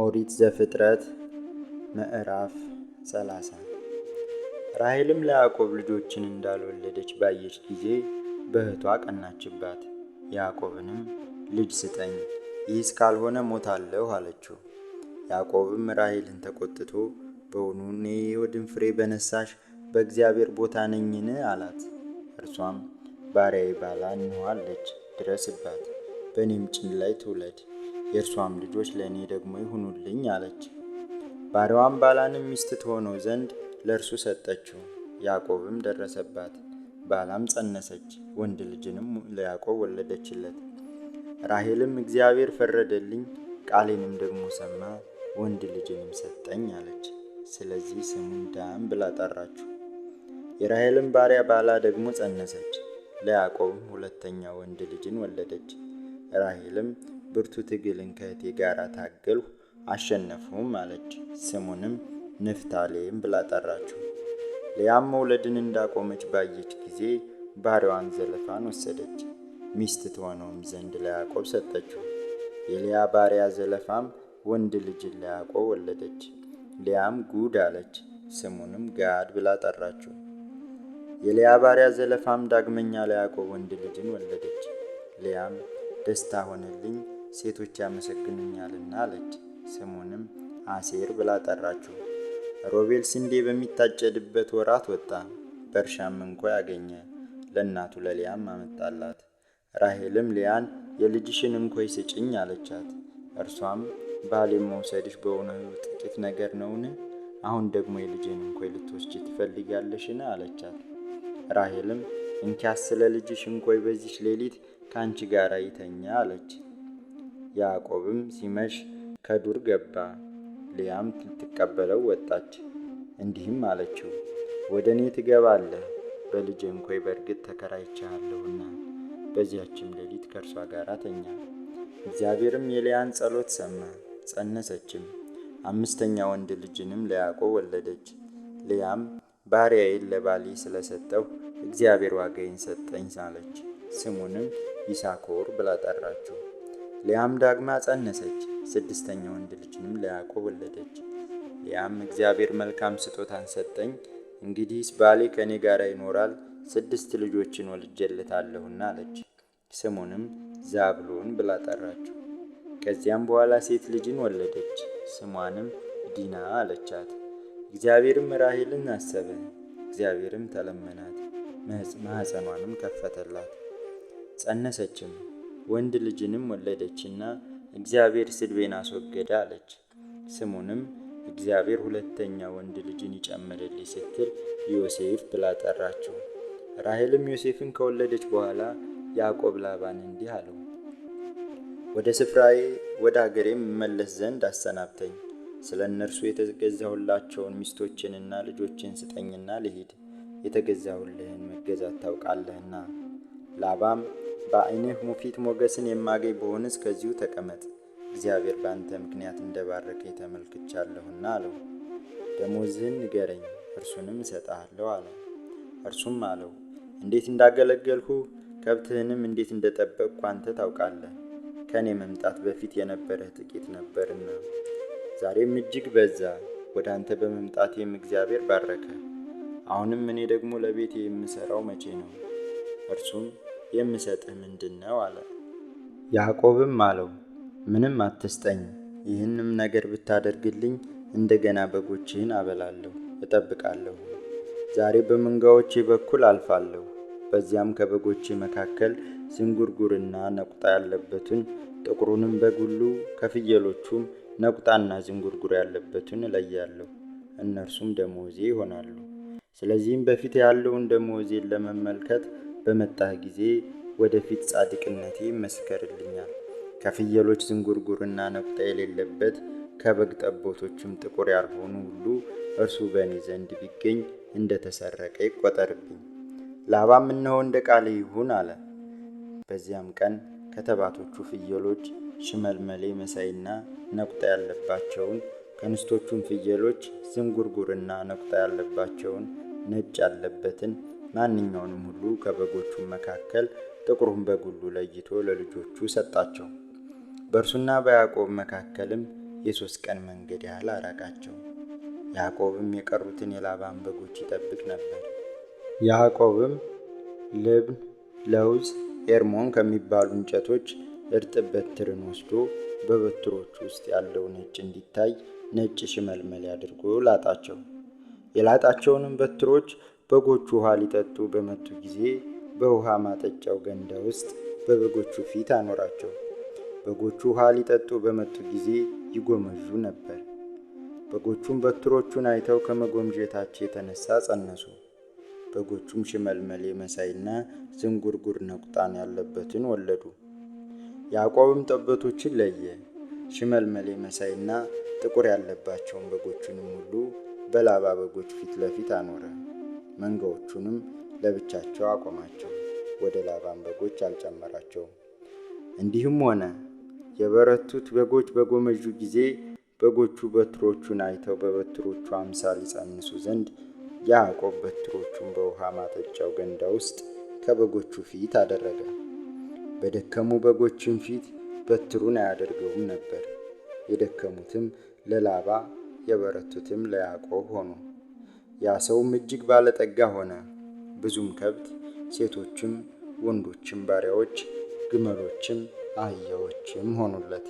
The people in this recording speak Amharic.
ኦሪት ዘፍጥረት ምዕራፍ 30 ራሔልም ለያዕቆብ ልጆችን እንዳልወለደች ባየች ጊዜ በእህቷ ቀናችባት። ያዕቆብንም ልጅ ስጠኝ፣ ይህስ ካልሆነ ሞታለሁ አለችው። ያዕቆብም ራሔልን ተቆጥቶ በውኑ እኔ የሆድን ፍሬ በነሳሽ በእግዚአብሔር ቦታ ነኝን? አላት። እርሷም ባሪያዊ ባላ እንኋለች ድረስባት፣ በእኔም ጭን ላይ ትውለድ የእርሷም ልጆች ለእኔ ደግሞ ይሁኑልኝ አለች። ባሪያዋም ባላንም ሚስት ትሆነው ዘንድ ለእርሱ ሰጠችው። ያዕቆብም ደረሰባት። ባላም ጸነሰች፣ ወንድ ልጅንም ለያዕቆብ ወለደችለት። ራሄልም እግዚአብሔር ፈረደልኝ፣ ቃሌንም ደግሞ ሰማ፣ ወንድ ልጅንም ሰጠኝ አለች። ስለዚህ ስሙን ዳም ብላ ጠራችው። የራሔልም ባሪያ ባላ ደግሞ ጸነሰች፣ ለያዕቆብም ሁለተኛ ወንድ ልጅን ወለደች። ራሄልም ብርቱ ትግልን ከእህቴ ጋር ታገልሁ፣ አሸነፍሁም አለች። ስሙንም ንፍታሌም ብላ ጠራችው። ልያም መውለድን እንዳቆመች ባየች ጊዜ ባሪዋን ዘለፋን ወሰደች፣ ሚስት ትሆነውም ዘንድ ለያዕቆብ ሰጠችው። የሊያ ባሪያ ዘለፋም ወንድ ልጅን ለያዕቆብ ወለደች። ሊያም ጉድ አለች፣ ስሙንም ጋድ ብላ ጠራችው። የልያ ባሪያ ዘለፋም ዳግመኛ ለያዕቆብ ወንድ ልጅን ወለደች። ሊያም ደስታ ሆነልኝ ሴቶች ያመሰግኑኛልና አለች። ስሙንም አሴር ብላ ጠራችው። ሮቤል ስንዴ በሚታጨድበት ወራት ወጣ፣ በእርሻም እንኳ ያገኘ። ለእናቱ ለሊያም አመጣላት። ራሄልም ሊያን የልጅሽን እንኮይ ስጭኝ አለቻት። እርሷም ባሌ መውሰድሽ በእውነቱ ጥቂት ነገር ነውን? አሁን ደግሞ የልጅን እንኮይ ልትወስጅ ትፈልጊያለሽን? አለቻት። ራሄልም እንኪያስ ስለ ልጅሽ እንኮይ በዚች ሌሊት ከአንቺ ጋር ይተኛ አለች። ያዕቆብም ሲመሽ ከዱር ገባ። ልያም ልትቀበለው ወጣች፣ እንዲህም አለችው፣ ወደ እኔ ትገባለህ፣ በልጄ እንኮይ በእርግጥ ተከራይቻለሁና። በዚያችም ሌሊት ከእርሷ ጋር ተኛ። እግዚአብሔርም የልያን ጸሎት ሰማ፣ ጸነሰችም፣ አምስተኛ ወንድ ልጅንም ለያዕቆብ ወለደች። ልያም ባሪያዬን ለባሌ ስለሰጠው እግዚአብሔር ዋጋዬን ሰጠኝ አለች። ስሙንም ይሳኮር ብላ ጠራችው። ሊያም ዳግማ ጸነሰች፣ ስድስተኛ ወንድ ልጅንም ለያዕቆብ ወለደች። ሊያም እግዚአብሔር መልካም ስጦታን ሰጠኝ፣ እንግዲህስ ባሌ ከእኔ ጋር ይኖራል፣ ስድስት ልጆችን ወልጄለታለሁና አለች። ስሙንም ዛብሎን ብላ ጠራችው። ከዚያም በኋላ ሴት ልጅን ወለደች፣ ስሟንም ዲና አለቻት። እግዚአብሔርም ራሄልን አሰበ፣ እግዚአብሔርም ተለመናት፣ ማኅፀኗንም ከፈተላት፣ ጸነሰችም ወንድ ልጅንም ወለደችና እግዚአብሔር ስድቤን አስወገደ አለች። ስሙንም እግዚአብሔር ሁለተኛ ወንድ ልጅን ይጨምርልኝ ስትል ዮሴፍ ብላ ጠራችው። ራሄልም ዮሴፍን ከወለደች በኋላ ያዕቆብ ላባን እንዲህ አለው፣ ወደ ስፍራዬ ወደ አገሬም መለስ ዘንድ አሰናብተኝ። ስለ እነርሱ የተገዛሁላቸውን ሚስቶችንና ልጆችን ስጠኝና ልሂድ፣ የተገዛሁልህን መገዛት ታውቃለህና። ላባም በዐይንህ ሙፊት ሞገስን የማገኝ በሆንስ ከዚሁ ተቀመጥ፣ እግዚአብሔር በአንተ ምክንያት እንደባረከኝ ተመልክቻለሁና አለው። ደሞዝህን ንገረኝ፣ እርሱንም እሰጥሃለሁ አለው። እርሱም አለው፣ እንዴት እንዳገለገልሁ ከብትህንም እንዴት እንደጠበቅኩ አንተ ታውቃለህ። ከእኔ መምጣት በፊት የነበረህ ጥቂት ነበርና ዛሬም እጅግ በዛ። ወደ አንተ በመምጣቴም እግዚአብሔር ባረከ። አሁንም እኔ ደግሞ ለቤት የምሰራው መቼ ነው? እርሱም የምሰጥህ ምንድን ነው አለ። ያዕቆብም አለው ምንም አትስጠኝ፣ ይህንም ነገር ብታደርግልኝ እንደገና በጎችህን አበላለሁ እጠብቃለሁ። ዛሬ በመንጋዎቼ በኩል አልፋለሁ፣ በዚያም ከበጎቼ መካከል ዝንጉርጉርና ነቁጣ ያለበትን ጥቁሩንም በግ ሁሉ ከፍየሎቹም ነቁጣና ዝንጉርጉር ያለበትን እለያለሁ፣ እነርሱም ደሞዜ ይሆናሉ። ስለዚህም በፊት ያለውን ደመወዜን ለመመልከት በመጣህ ጊዜ ወደፊት ጻድቅነቴ ይመስከርልኛል። ከፍየሎች ዝንጉርጉርና ነቁጣ የሌለበት ከበግ ጠቦቶችም ጥቁር ያልሆኑ ሁሉ እርሱ በእኔ ዘንድ ቢገኝ እንደ ተሰረቀ ይቆጠርብኝ። ላባም እነሆ እንደ ቃል ይሁን አለ። በዚያም ቀን ከተባቶቹ ፍየሎች ሽመልመሌ መሳይና ነቁጣ ያለባቸውን ከንስቶቹም ፍየሎች ዝንጉርጉርና ነቁጣ ያለባቸውን ነጭ ያለበትን ማንኛውንም ሁሉ ከበጎቹም መካከል ጥቁሩን በግ ሁሉ ለይቶ ለልጆቹ ሰጣቸው። በእርሱና በያዕቆብ መካከልም የሦስት ቀን መንገድ ያህል አራቃቸው። ያዕቆብም የቀሩትን የላባን በጎች ይጠብቅ ነበር። ያዕቆብም ልብን፣ ለውዝ፣ ኤርሞን ከሚባሉ እንጨቶች እርጥብ በትርን ወስዶ በበትሮቹ ውስጥ ያለው ነጭ እንዲታይ ነጭ ሽመልመል አድርጎ ላጣቸው። የላጣቸውንም በትሮች በጎቹ ውሃ ሊጠጡ በመጡ ጊዜ በውሃ ማጠጫው ገንዳ ውስጥ በበጎቹ ፊት አኖራቸው። በጎቹ ውሃ ሊጠጡ በመጡ ጊዜ ይጎመዡ ነበር። በጎቹም በትሮቹን አይተው ከመጎምጀታቸው የተነሳ ጸነሱ። በጎቹም ሽመልመሌ መሳይና ዝንጉርጉር ነቁጣን ያለበትን ወለዱ። ያዕቆብም ጠበቶችን ለየ። ሽመልመሌ መሳይና ጥቁር ያለባቸውን በጎቹንም ሁሉ በላባ በጎች ፊት ለፊት አኖረ። መንጋዎቹንም ለብቻቸው አቆማቸው፣ ወደ ላባን በጎች አልጨመራቸውም። እንዲህም ሆነ የበረቱት በጎች በጎመዡ ጊዜ በጎቹ በትሮቹን አይተው በበትሮቹ አምሳል ሊጸንሱ ዘንድ ያዕቆብ በትሮቹን በውሃ ማጠጫው ገንዳ ውስጥ ከበጎቹ ፊት አደረገ። በደከሙ በጎችን ፊት በትሩን አያደርገውም ነበር። የደከሙትም ለላባ የበረቱትም ለያዕቆብ ሆኑ። ያ ሰውም እጅግ ባለጠጋ ሆነ። ብዙም ከብት፣ ሴቶችም፣ ወንዶችም ባሪያዎች፣ ግመሎችም አህያዎችም ሆኑለት።